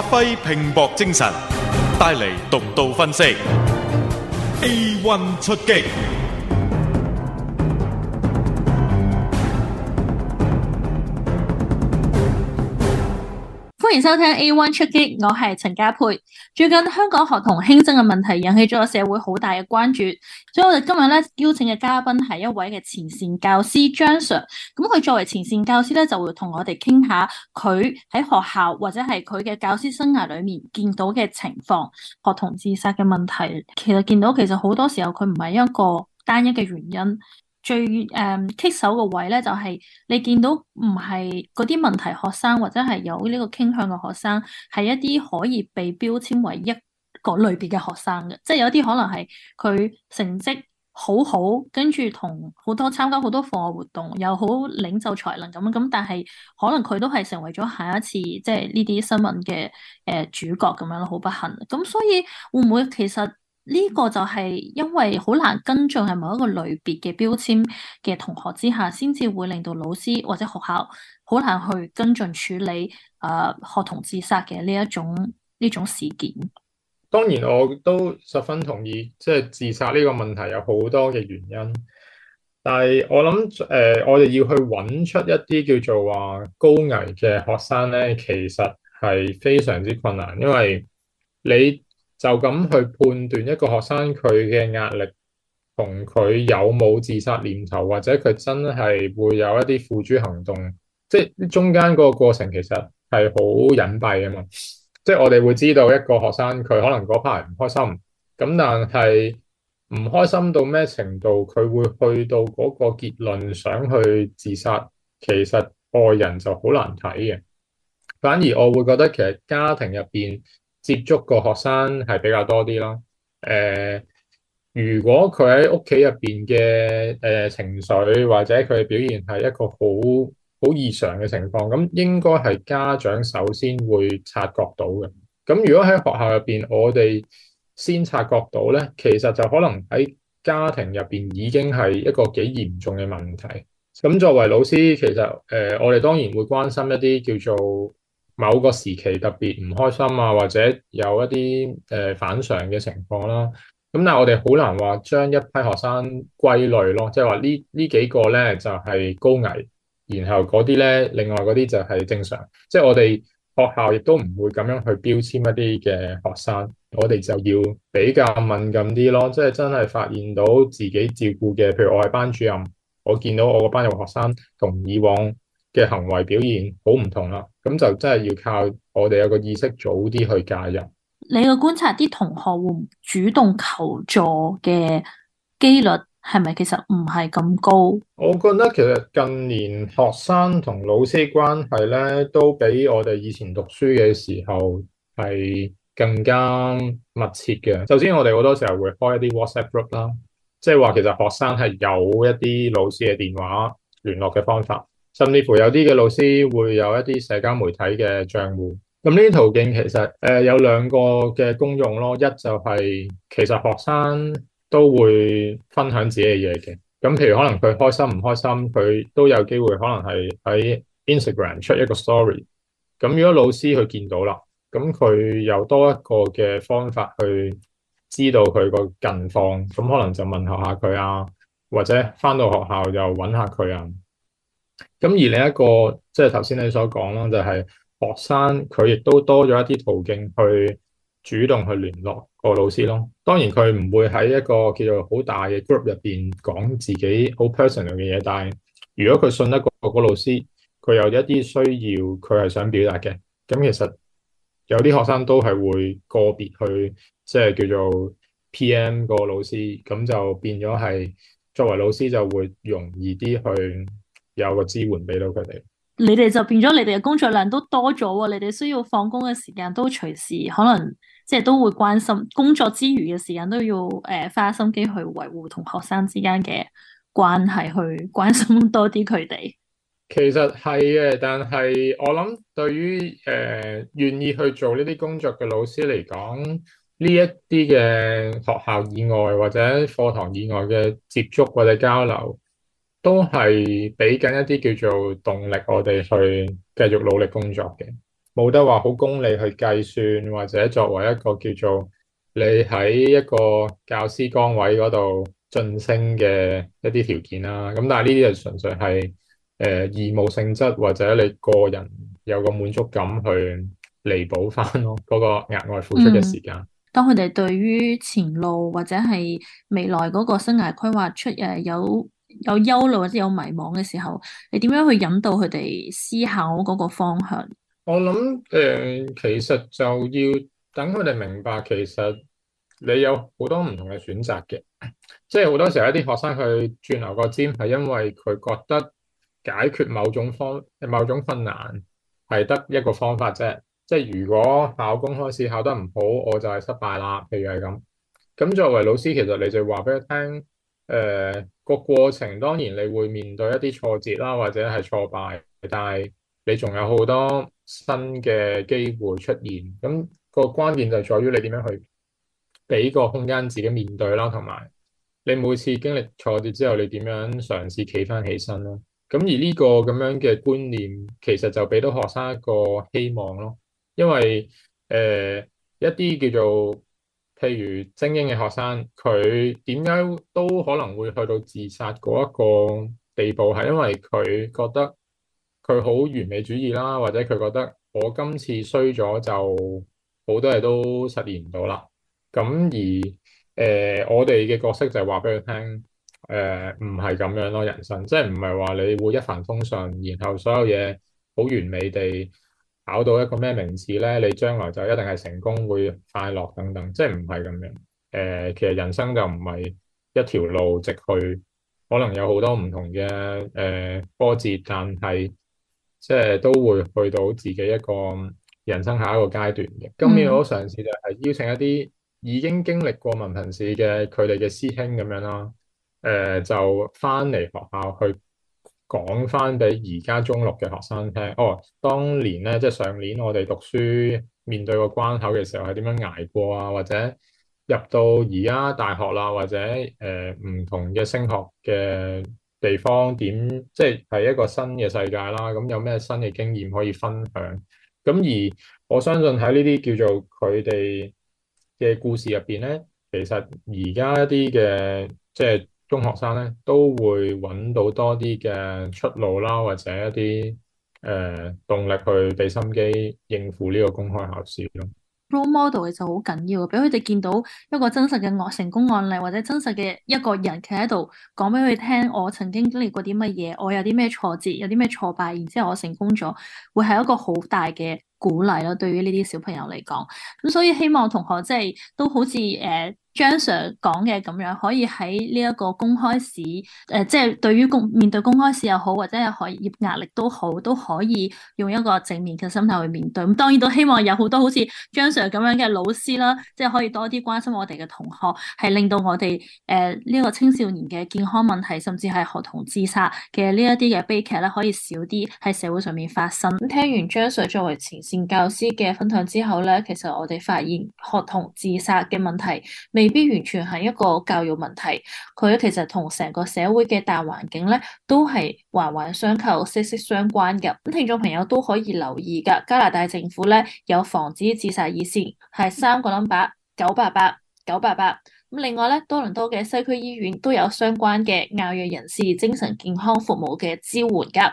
發揮拼搏精神，帶嚟獨到分析。A One 出擊。歡迎收聽 A One 出擊，我係陳嘉佩。最近香港學童輕生嘅問題引起咗社會好大嘅關注，所以我哋今日咧邀請嘅嘉賓係一位嘅前線教師張 Sir。咁佢作為前線教師咧，就會同我哋傾下佢喺學校或者係佢嘅教師生涯裏面見到嘅情況，學童自殺嘅問題，其實見到其實好多時候佢唔係一個單一嘅原因。最誒、um, 棘手個位咧，就係、是、你見到唔係嗰啲問題學生，或者係有呢個傾向嘅學生，係一啲可以被標籤為一個類別嘅學生嘅，即係有啲可能係佢成績好好，跟住同好多參加好多課外活動，又好領袖才能咁咁，但係可能佢都係成為咗下一次即係呢啲新聞嘅誒主角咁樣咯，好不幸。咁所以會唔會其實？呢個就係因為好難跟進係某一個類別嘅標籤嘅同學之下，先至會令到老師或者學校好難去跟進處理誒、呃、學童自殺嘅呢一種呢種事件。當然，我都十分同意，即係自殺呢個問題有好多嘅原因，但係我諗誒、呃，我哋要去揾出一啲叫做話高危嘅學生咧，其實係非常之困難，因為你。就咁去判斷一個學生佢嘅壓力同佢有冇自殺念頭，或者佢真係會有一啲付諸行動，即係中間嗰個過程其實係好隱蔽啊嘛。即係我哋會知道一個學生佢可能嗰 p 唔開心，咁但係唔開心到咩程度，佢會去到嗰個結論想去自殺，其實外人就好難睇嘅。反而我會覺得其實家庭入邊。接觸個學生係比較多啲咯。誒、呃，如果佢喺屋企入邊嘅誒情緒或者佢嘅表現係一個好好異常嘅情況，咁應該係家長首先會察覺到嘅。咁如果喺學校入邊，我哋先察覺到咧，其實就可能喺家庭入邊已經係一個幾嚴重嘅問題。咁作為老師，其實誒、呃，我哋當然會關心一啲叫做。某個時期特別唔開心啊，或者有一啲誒、呃、反常嘅情況啦，咁但係我哋好難話將一批學生歸類咯，即係話呢呢幾個咧就係、是、高危，然後嗰啲咧另外嗰啲就係正常，即係我哋學校亦都唔會咁樣去標籤一啲嘅學生，我哋就要比較敏感啲咯，即係真係發現到自己照顧嘅，譬如我係班主任，我見到我個班有學生同以往。嘅行為表現好唔同啦，咁就真係要靠我哋有個意識早啲去介入。你嘅觀察，啲同學會主動求助嘅機率係咪其實唔係咁高？我覺得其實近年學生同老師關係咧，都比我哋以前讀書嘅時候係更加密切嘅。首先，我哋好多時候會開一啲 WhatsApp group 啦，即係話其實學生係有一啲老師嘅電話聯絡嘅方法。甚至乎有啲嘅老師會有一啲社交媒體嘅賬戶，咁呢啲途徑其實誒、呃、有兩個嘅功用咯，一就係其實學生都會分享自己嘅嘢嘅，咁譬如可能佢開心唔開心，佢都有機會可能係喺 Instagram 出一個 story，咁如果老師佢見到啦，咁佢有多一個嘅方法去知道佢個近況，咁可能就問候下佢啊，或者翻到學校又揾下佢啊。咁而另一個，即係頭先你所講咯，就係、是、學生佢亦都多咗一啲途徑去主動去聯絡個老師咯。當然佢唔會喺一個叫做好大嘅 group 入邊講自己好 personal 嘅嘢，但係如果佢信得過個老師，佢有一啲需要，佢係想表達嘅。咁其實有啲學生都係會個別去，即係叫做 PM 個老師，咁就變咗係作為老師就會容易啲去。有個支援俾到佢哋。你哋就變咗，你哋嘅工作量都多咗，哦。你哋需要放工嘅時間都隨時，可能即係都會關心工作之餘嘅時間都要誒，呃、花心機去維護同學生之間嘅關係，去關心多啲佢哋。其實係嘅，但係我諗，對於誒，呃、願意去做呢啲工作嘅老師嚟講，呢一啲嘅學校以外或者課堂以外嘅接觸或者交流。都係俾緊一啲叫做動力，我哋去繼續努力工作嘅，冇得話好功利去計算或者作為一個叫做你喺一個教師崗位嗰度晉升嘅一啲條件啦。咁但係呢啲係純粹係誒、呃、義務性質或者你個人有個滿足感去彌補翻咯嗰個額外付出嘅時間、嗯。當佢哋對於前路或者係未來嗰個生涯規劃出誒有。有憂慮或者有迷茫嘅時候，你點樣去引導佢哋思考嗰個方向？我諗誒，其實就要等佢哋明白，其實你有好多唔同嘅選擇嘅。即係好多時候，一啲學生去轉牛角尖，係因為佢覺得解決某種方某種困難係得一個方法啫。即係如果考公開試考得唔好，我就係失敗啦。譬如係咁。咁作為老師，其實你就要話俾佢聽。誒、個、呃、過程當然你會面對一啲挫折啦，或者係挫敗，但係你仲有好多新嘅機會出現。咁、那個關鍵就在於你點樣去俾個空間自己面對啦，同埋你每次經歷挫折之後你，你點樣嘗試企翻起身啦。咁而呢個咁樣嘅觀念，其實就俾到學生一個希望咯，因為誒、呃、一啲叫做。譬如精英嘅學生，佢點解都可能會去到自殺嗰一個地步，係因為佢覺得佢好完美主義啦，或者佢覺得我今次衰咗就好多嘢都實現唔到啦。咁而誒、呃，我哋嘅角色就係話俾佢聽，誒唔係咁樣咯，人生即係唔係話你會一帆風順，然後所有嘢好完美地，考到一個咩名次咧？你將來就一定係成功、會快樂等等，即係唔係咁樣？誒、呃，其實人生就唔係一條路直去，可能有好多唔同嘅誒、呃、波折，但係即係都會去到自己一個人生下一個階段嘅。今年我嘗試就係邀請一啲已經經歷過文憑試嘅佢哋嘅師兄咁樣啦，誒、呃、就翻嚟學校去。講翻俾而家中六嘅學生聽，哦，當年咧，即係上年我哋讀書面對個關口嘅時候係點樣捱過啊？或者入到而家大學啦，或者誒、呃、唔同嘅升學嘅地方點？即係係一個新嘅世界啦。咁有咩新嘅經驗可以分享？咁而我相信喺呢啲叫做佢哋嘅故事入邊咧，其實而家一啲嘅即係。中學生咧都會揾到多啲嘅出路啦，或者一啲誒、呃、動力去俾心機應付呢個公開考試咯。Role model 其實好緊要，俾佢哋見到一個真實嘅惡成功案例，或者真實嘅一個人企喺度講俾佢聽，我曾經經歷過啲乜嘢，我有啲咩挫折，有啲咩挫敗，然之後我成功咗，會係一個好大嘅鼓勵咯。對於呢啲小朋友嚟講，咁所以希望同學即、就、係、是、都好似誒。呃張 Sir 講嘅咁樣，可以喺呢一個公開試，誒、呃，即係對於公面對公開試又好，或者係學業壓力都好，都可以用一個正面嘅心態去面對。咁當然都希望有好多好似張 Sir 咁樣嘅老師啦，即係可以多啲關心我哋嘅同學，係令到我哋誒呢個青少年嘅健康問題，甚至係學童自殺嘅呢一啲嘅悲劇咧，可以少啲喺社會上面發生。咁聽完張 Sir 作為前線教師嘅分享之後咧，其實我哋發現學童自殺嘅問題未未必完全係一個教育問題，佢其實同成個社會嘅大環境都係環環相扣、息息相關噶。咁聽眾朋友都可以留意噶，加拿大政府有防止自殺熱線，係三個 number，九八八九八八。咁另外多倫多嘅西區醫院都有相關嘅亞裔人士精神健康服務嘅支援噶。